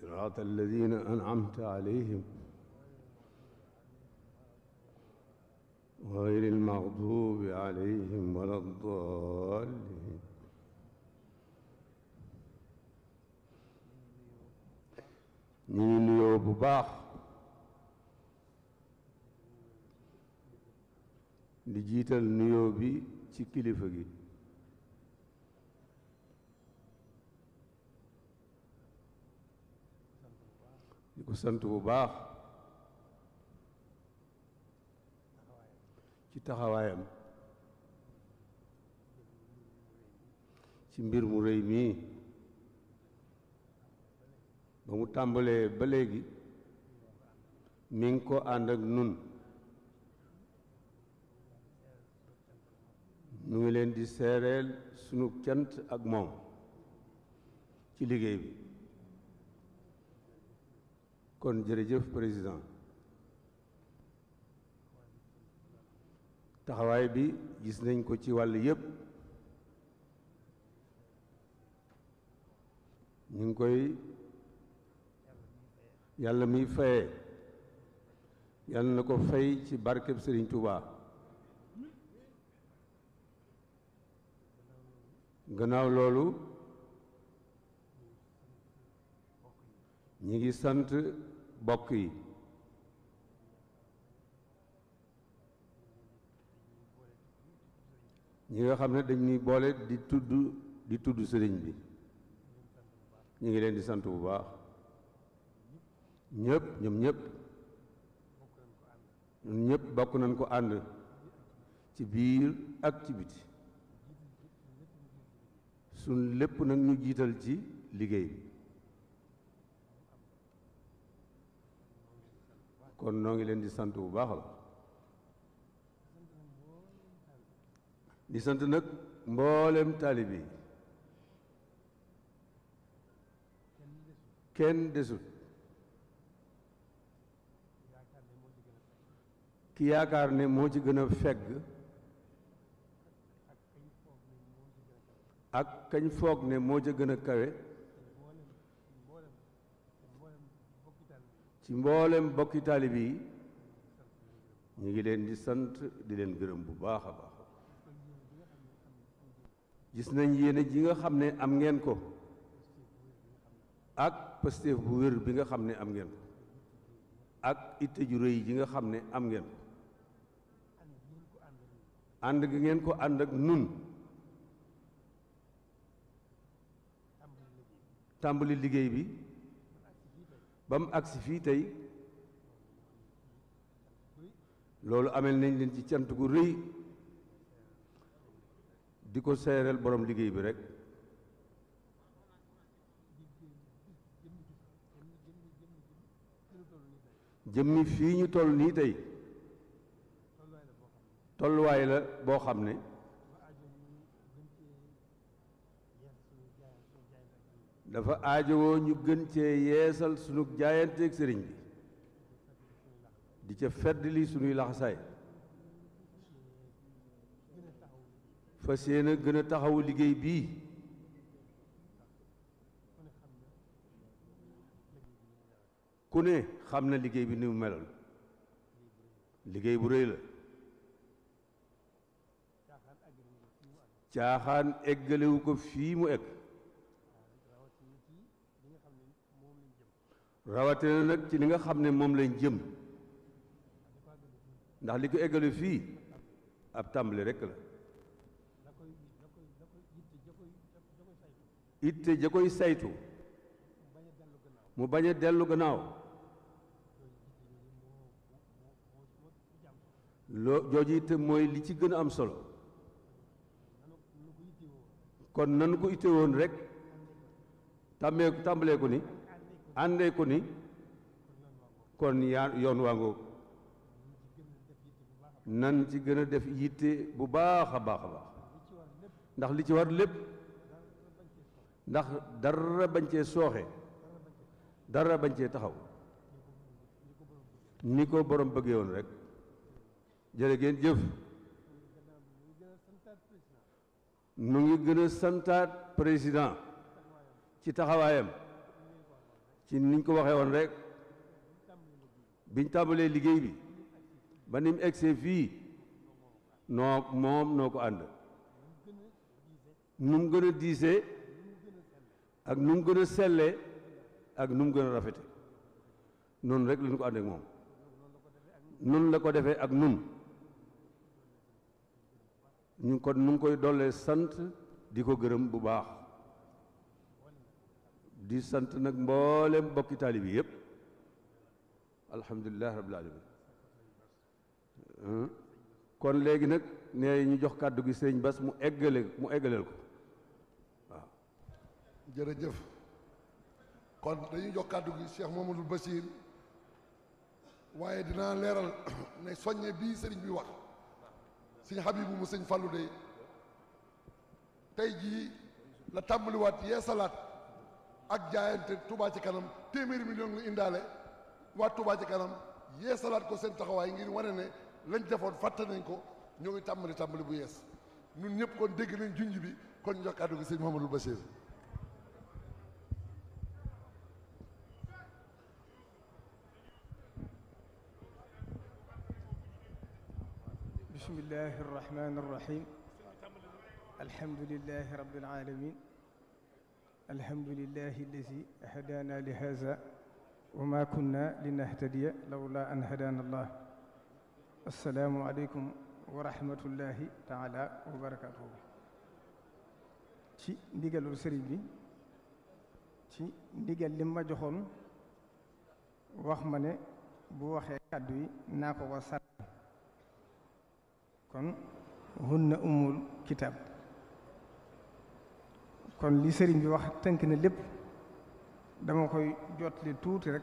صراط الذين أنعمت عليهم غير المغضوب عليهم ولا الضالين ñu ngi nuyoo bu baax di jiital nuyoo bi ci kilifa gi di ko sant bu baax ci taxawaayam ci mbir mu réy mii ba mu tàmbalee ba léegi mi ngi ko ànd ak nun nu ngi leen di seereel sunu cant ak moom ci liggéey bi kon jërëjëf président taxawaay bi gis nañ ko ci wàll yépp ñu ngi koy yàlla muy faye yàlla na ko fay ci barkeb Sëriñ Tuuba gannaaw loolu ñi ngi sant bokk yi ñi nga xam ne dañ dañuy boole di tudd di tudd sëriñ bi ñu ngi leen di sant bu baax ñëpp ñoom ñëpp ñëpp bokk nañ ko ànd ci biir ak ci biti suñ lépp nag ñu jiital ci liggéey bi kon noo ngi leen di sant bu baax la di sant nag mboolem taalib yi kenn desut ki yaakaar ne moo ci gën a fegg ak kañ foog ne moo ci gën a kawe ci mbooleem bokki taalib yi ñu ngi leen di sant di leen gërëm bu baax a baax gis nañ yéene ji nga xam ne am ngeen ko ak Pastef bu wér bi nga xam ne am ngeen ko ak itte ju rëy ji nga xam ne am ngeen ànd gi ngeen ko ànd ak nun tàmbali liggéey bi ba agsi fii tey loolu amel nañ leen ci cant gu rëy di ko seereel borom liggéey bi rek jëmmi fii ñu toll nii tey tolluwaay la boo xam ne dafa aajowoo ñu gën cee yeesal sunu jaayanteeg sëriñ bi di ca fedd li sunuy laxasaay séen a gën a taxawu liggéey bii ku ne xam na liggéey bi ni mu meloon liggéey bu rëy la caaxaan eggalewu ko fii mu egg rawatina nag ci li nga xam ne moom lañ jëm ndax li ko eggale fii ab tàmbali rekk la itte ja koy saytu mu bañ a dellu gannaaw loo jooju itte mooy li ci gën a am solo kon nanu ko itte woon rekk tàmmee tàmbalee ni àndee ko ni kon yaa yoon waa ngoog nan ci gën a def yitte bu baax a baax a baax ndax li ci war lépp ndax dara bañ cee sooxe dara bañ cee taxaw ni ko borom bëggee woon rek jële ngeen jëf nu ngi gën a santaat président ci taxawaayam ci niñ ko waxee woon rek biñ tàmbalee liggéey bi ba ni mu egsee fii noo moom noo ko ànd nu mu gën a diisee ak nu mu gën a sellee ak nu mu gën a rafete noonu rek lañ ko ànd moom nun la ko defee ak nun ñu ko nu ngi koy dollee sant di ko gërëm bu baax di sant nag mboolem bokki taalib yi yëpp alhamdulilah rabbil alamin kon léegi nag nee ñu jox kàddu gi sëriñ Bass mu eggale mu eggaleel ko waaw jërëjëf kon dañuy jox kàddu gi Cheikh Mamadou Bassir waaye dinaa leeral ne soññe bii sëriñ bi wax sëñ Habibu mu sëñ Fallou tey jii la tàmbaliwaat yee salaat ak jaayante Touba ci kanam téeméeri million la indaale waa Touba ci kanam yee salaat ko seen taxawaay ngir wane ne lañ defoon fàtte nañ ko ñoo ngi tàmbali tàmbali bu yees ñun ñëpp ko dégg nañ junj bi kon jox kàddu gi sëñ Mouhamadou Bachir bismillahi arrahmani arrahim alhamdulillahi rabbil alhamdulilah alladi hadaana li haza wa ma kunna linahtadiya lawla an hadaana allah assalaamu aleykum wa taala wa barakatuhu ci ndigalul sëriñ bi ci ndigal li ma wax ma ne bu waxee kàddu yi ko ko kon hunna ummul kitaab kon li sëriñ bi wax tënk na lépp dama koy jotle tuuti rek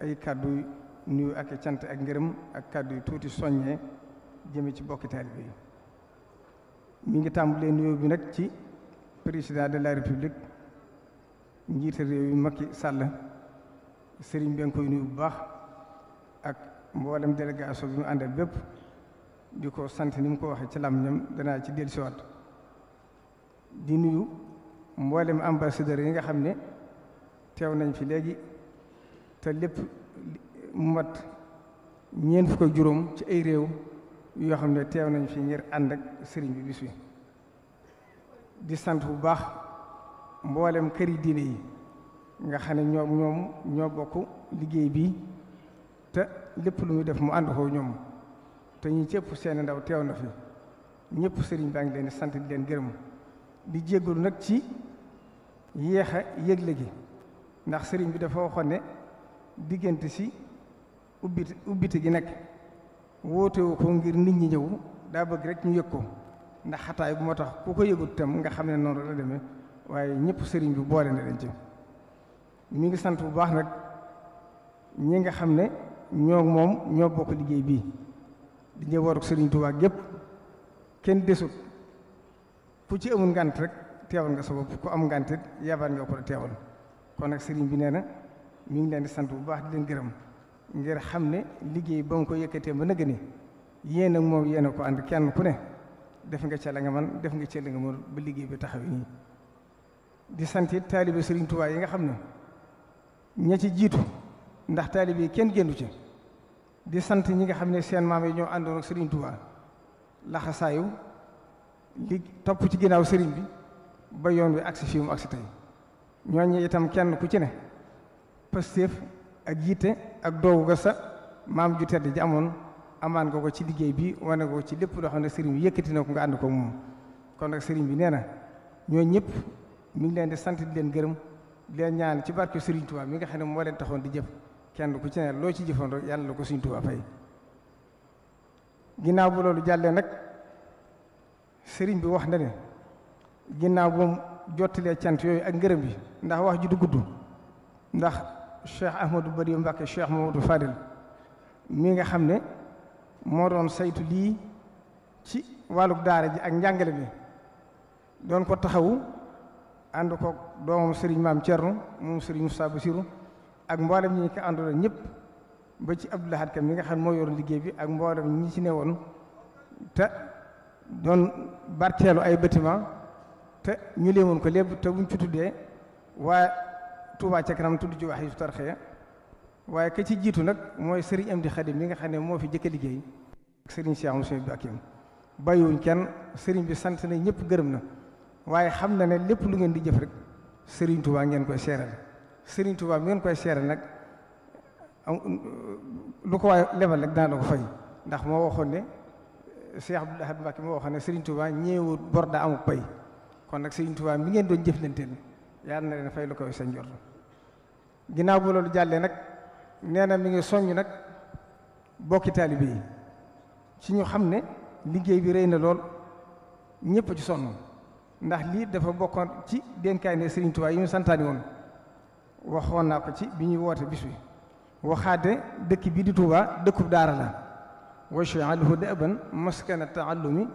ay kàddu nuyu ak cant ak ngërëm ak kàddu yu tuuti soññee jëme ci bokki taalibe yi mi ngi tàmbalee nuyoo bi nag ci président de la république njiite réew yi Macky sàll sëriñ bi koy nuyu bu baax ak mboolem délégation bi mu àndal bépp di ko sant ni mu ko waxee ci làmmiñam danaa ci dellusiwaat di nuyu mboolem ambassadeur yi nga xam ne teew nañ fi léegi te lépp mu mat ñeent fukk ak juróom ci ay réew yoo xam ne teew nañ fi ngir ànd ak sëriñ bi bis bi di sant bu baax mboolem këri diine yi nga xam ne ñoom ñoom ñoo bokk liggéey bi te lépp lu muy def mu ànd koo ñoom te ñu cëpp seen ndaw teew na fi ñëpp sëriñ baa ngi leen di sant di leen gërëm di jéggalu nag ci yéex a yëgle gi ndax sëriñ bi dafa waxoon ne diggante si ubbite ubbite gi nekk wootewu ko ngir nit ñi ñëw daa bëgg rekk ñu yëg ko ndax xataay bu moo tax ku ko yëgut tam nga xam ne noonu la deme waaye ñëpp sëriñ bi boole na leen ci mi ngi sant bu baax nag ñi nga xam ne ñoo moom ñoo bokk liggéey bii di ñëw waruk sëriñ Tuubaa gépp kenn desut ku ci amul ngant rek teewal nga sa ko ku am ngantit yabal nga ko teewal kon nag sëriñ bi nee na mi ngi leen di sant bu baax di leen gërëm ngir xam ne liggéey ba nga ko yëkkatee ba nëgg ni yéen ak moom yéen a ko ànd kenn ku ne def nga ca la nga man def nga ca la nga mën ba liggéey bi taxaw nii di sant it taalibe sëriñ Tuubaa yi nga xam ne ña ci jiitu ndax taalibe yi kenn géndu ci di sant ñi nga xam ne seen maam yi ñoo àndoon ak sëriñ Tuubaa laxasaayu li topp ci ginnaaw sëriñ bi ba yoon wi agsi fii mu agsi tey ñooñu itam kenn ku ci ne pastéef ak yitte ak doogu ga sa maam ju tedd ji amoon amaan nga ko ci liggéey bi wane ko ci lépp loo xam ne sëriñ bi yëkkati na ko nga ànd ko moom kon nag sëriñ bi nee na ñoo ñëpp mi ngi leen di sant di leen gërëm di leen ñaan ci barke sëriñ Tuubaa mi nga xam ne moo leen taxoon di jëf kenn ku ci ne loo ci jëfandoo rek la ko suñ Tuubaa fay ginnaaw bu loolu jàllee nag sëriñ bi wax na ne ginnaaw bu jottalee cant yooyu ak ngërëm bi ndax wax ji du gudd ndax Cheikh Ahmadou Bari Mbacké Cheikh Mamadou Fadil mi nga xam ne moo doon saytu lii ci wàlluk daara ji ak njàngale bi doon ko taxawu ànd ko doomam sëriñ maam Thierno moom sëriñ Moussa siru ak mboolem ñi ko àndoon ñëpp ba ci Abdou Lahad Ka mi nga xam ne moo yoroon liggéey bi ak mboolem ñi ci newoon te doon barteelu ay bâtiment te ñu léemoon ko lépp te buñ ci tuddee waa Touba ca kanam tudd ci wax yi tarxee waaye ka ci jiitu nag mooy Serigne Amdi Khadim mi nga xam ne moo fi jëkk liggéey ak Serigne Cheikh Moussa bi ak yéen kenn Serigne bi sant na ñëpp gërëm na waaye xam na ne lépp lu ngeen di jëf rek sëriñ Touba ngeen koy seeral Serigne Touba ngeen koy seere nag lu ko waay lebal rek daan na ko fay ndax moo waxoon ne. Cheikh bu Ahad Mbacké moo waxoon ne Serigne Touba ñeewut bor daa amul pay kon nag Serigne Touba mi ngeen doon jëflanteel yàlla na leen fay lu koy sa njort ginnaaw bu loolu jàllee nag nee na mi ngi soññ nag bokki taalibe yi ci ñu xam ne liggéey bi rëy na lool ñëpp ci sonn ndax lii dafa bokkoon ci dénkaay ne Serigne Touba yi ñu santaani woon waxoon naa ko ci bi ñuy woote bis bi waxaate dëkk bi di Touba dëkkub daara la waj'alhu da'ban maskana ta'allumi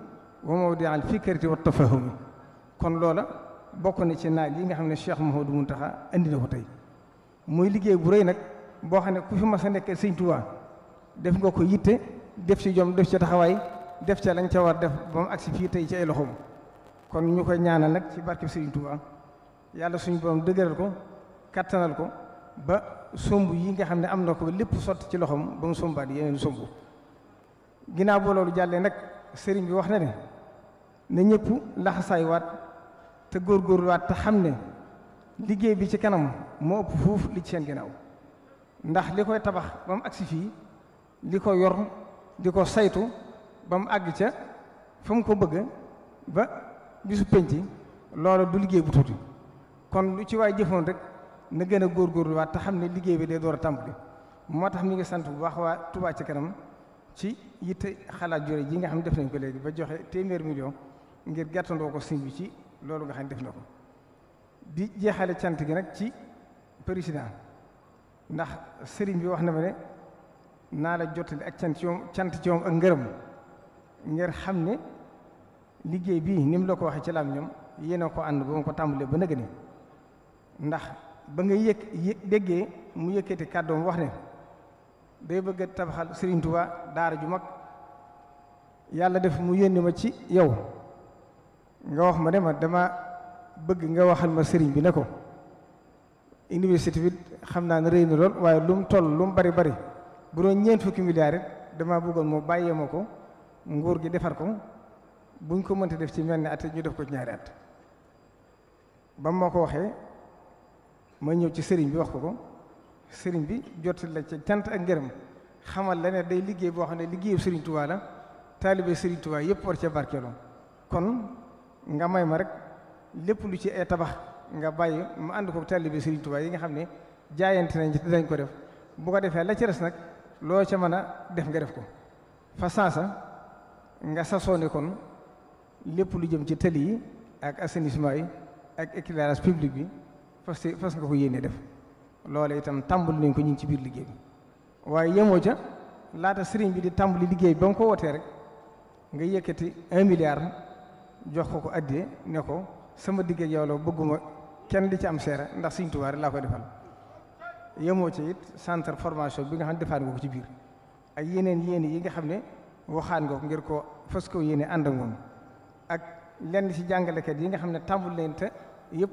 wa mawdi'a al-fikrati wa tafahumi kon loola bokk na naaj yi nga xam ne Cheikh Mouhamadou Mountakha andi na ko tey muy liggéey bu rëy nag boo xam ne ku fi mas a nekk Sëñ Tuubaa def nga ko yitte def ci jom def ci taxawaay def ca lañ ca def ba mu agsi fii tey ci ay loxoom kon ñu koy ñaanal nag ci barkeb Sëñ yàlla suñu borom dëgëral ko kattanal ko ba sumb yi nga xam ne am na ko lépp sotti ci loxoom ba mu sombaat yeneen somb ginaaw boo loolu jàllee nag sëriñ bi wax na ne ne ñëpp waat te góorgóorluwaat te xam ne liggéey bi ci kanam moo ëpp fuuf li ci seen ginaaw ndax li koy tabax ba mu agsi fii li ko yor di ko saytu ba mu àgg ca fa mu ko bëgg ba bisu penc loolu du liggéey bu tuuti kon lu ci waay jëfoon rek na gën a góorgóorluwaat te xam ne liggéey bi day door a tàmbali moo tax mi ngi sant bu baax waa Touba ci kanam ci yitte xalaat jure ji nga xam def nañ ko léegi ba joxe téeméer million ngir gàttandoo ko sëñ ci loolu nga xam ne def na ko di jeexale cant gi nag ci président ndax sëriñ bi wax na ma ne naa la jottali ak cant ci moom ak ngërëm ngir xam ne liggéey bii ni mu la ko waxee ci lam ñoom yéena ko ànd ba mu ko tàmbalee ba nëgëni ndax ba nga yëg déggee mu kàddoo kàddoom wax ne day bëgg a tabaxal Serigne daara ju mag yàlla def mu yónni ma ci yow nga wax ma ne ma dama bëgg nga waxal ma Serigne bi ne ko université bi xam naa ne rëy na lool waaye lu mu toll lu bari bari bu doon ñeent fukki milliards it damaa bëggoon moo bàyyee ma ko nguur gi defar ko buñ ko mënta def ci mel ni at ñu def ko ci ñaari at ba ma ko waxee ma ñëw ci sëriñ bi wax ko ko. sëriñ bi jotti la ca cant ak ngërëm xamal la ne day liggéey boo xam ne liggéeyu sëriñ Tuubaa la taalibe sëriñ Tuubaa yëpp war ca barkeeloo kon nga may ma rek lépp lu ci ay tabax nga bàyyi ma ànd ko taalibe sëriñ Tuubaa yi nga xam ne jaayante nañ ci dinañ ko def bu ko defee la ci res nag loo ca mën a def nga def ko fa saasa nga sasoone kon lépp lu jëm ci tali yi ak a assainissement yi ak éclairage public bi fas fas nga ko yéene def loole itam tàmbali nañ ko ñu ci biir liggéey bi waaye yemoo ca laata sëriñ bi di tàmbali liggéey ba nga ko wootee rek nga yëkkati un milliard jox ko ko addee ne ko sama digg yow la bëgguma kenn di ci am seere ndax Sëriñ Tuubaa laa koy defal yemoo ca it centre formation bi nga xam ne defaat nga ko ci biir ak yeneen yéen yi nga xam ne waxaan nga ngir ko fas ko yéene ànd ak lenn ci jàngaleket yi nga xam ne tàmbul leen te yëpp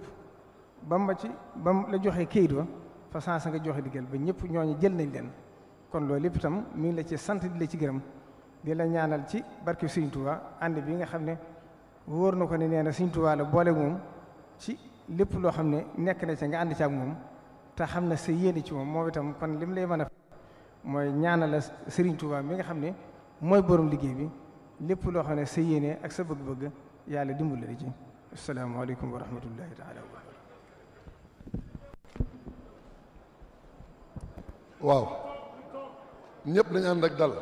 ba ci ba la joxee kayit wa fa saa sa nga joxe diggal ba ñëpp ñooñu jël nañ leen kon loolu lépp itam mi ngi la ci sant di la ci gërëm di la ñaanal ci barke Sëriñ Tuubaa ànd bi nga xam ne wóor na ko ne nee na Sëriñ la boole moom ci lépp loo xam ne nekk na ca nga ànd ci ak moom te xam na sa yéene ci moom moom itam kon lim lay mën a mooy ñaanal la Sëriñ mi nga xam ne mooy borom liggéey bi lépp loo xam ne sa yéene ak sa bëgg-bëgg yàlla dimbali la ci asalaamaaleykum wa rahmatullahi taala waaw ñëpp dañu ànd ak dal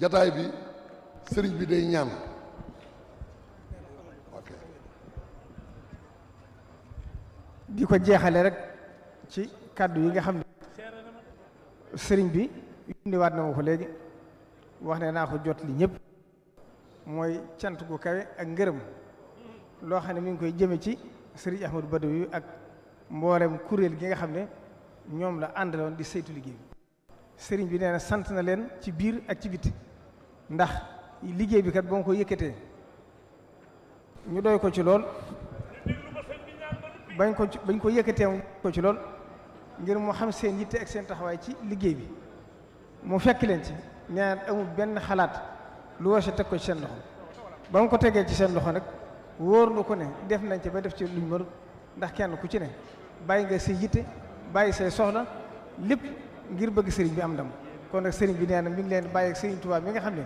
jataay bi sëriñ bi day ñaan ok di ko jeexale rek ci kàddu yi nga xam ne sëriñ bi yundiwaat na ma ko léegi wax ne naa ko jot li ñëpp mooy cant gu kawe ak ngërëm loo xam ne mu ngi koy jëme ci sëriñ Ahmadou Badawi ak mboolem kuréel gi nga xam ne ñoom la àndaloon di saytu liggéey bi sëriñ bi nee na sant na leen ci biir ak ci biti ndax liggéey bi kat ba nga ko yëkkatee ñu doy ko ci lool bañ ko bañ ko yëkkatee ko ci lool ngir mu xam seen yitte ak seen taxawaay ci liggéey bi mu fekk leen ci nee na benn xalaat lu wasa teg ko ci seen loxo ba mu ko tegee ci seen loxo nag wóor na ko ne def nañ ci ba def ci luñ mënut ndax kenn ku ci ne bàyyi nga sa yitte. bàyyi say soxna lépp ngir bëgg sëriñ bi am ndam kon nag sëriñ bi nee na mi ngi leen bàyyi ak sëriñ Tuubaa mi nga xam ne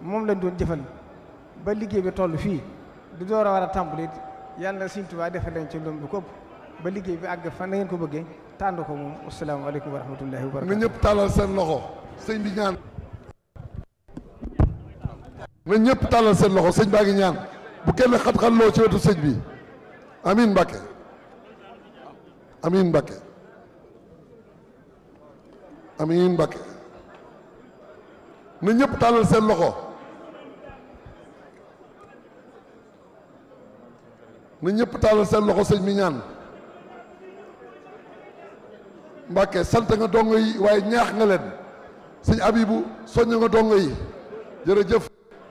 moom lañ doon jëfal ba liggéey bi toll fii di door a war a tàmbali yàlla na sëriñ Tuubaa defal leen ci loolu bu këpp ba liggéey bi àgg fan na ngeen ko bëggee tànd ko moom asalaamaaleykum wa rahmatullahi wa na ñëpp tàllal seen loxo sëñ bi ñaan na ñëpp tàllal seen loxo sëñ baa ngi bu kenn xat-xat loo ci wetu sëñ bi amin Mbàkke amin Mbàkke amiin Mbàkke na ñëpp tàllal seen loxo na ñëpp tàllal seen loxo sëñ mi ñaan Mbàkke sant nga dongo yi waaye ñaax nga leen sëñ Abibu soññ nga dongo yi jërëjëf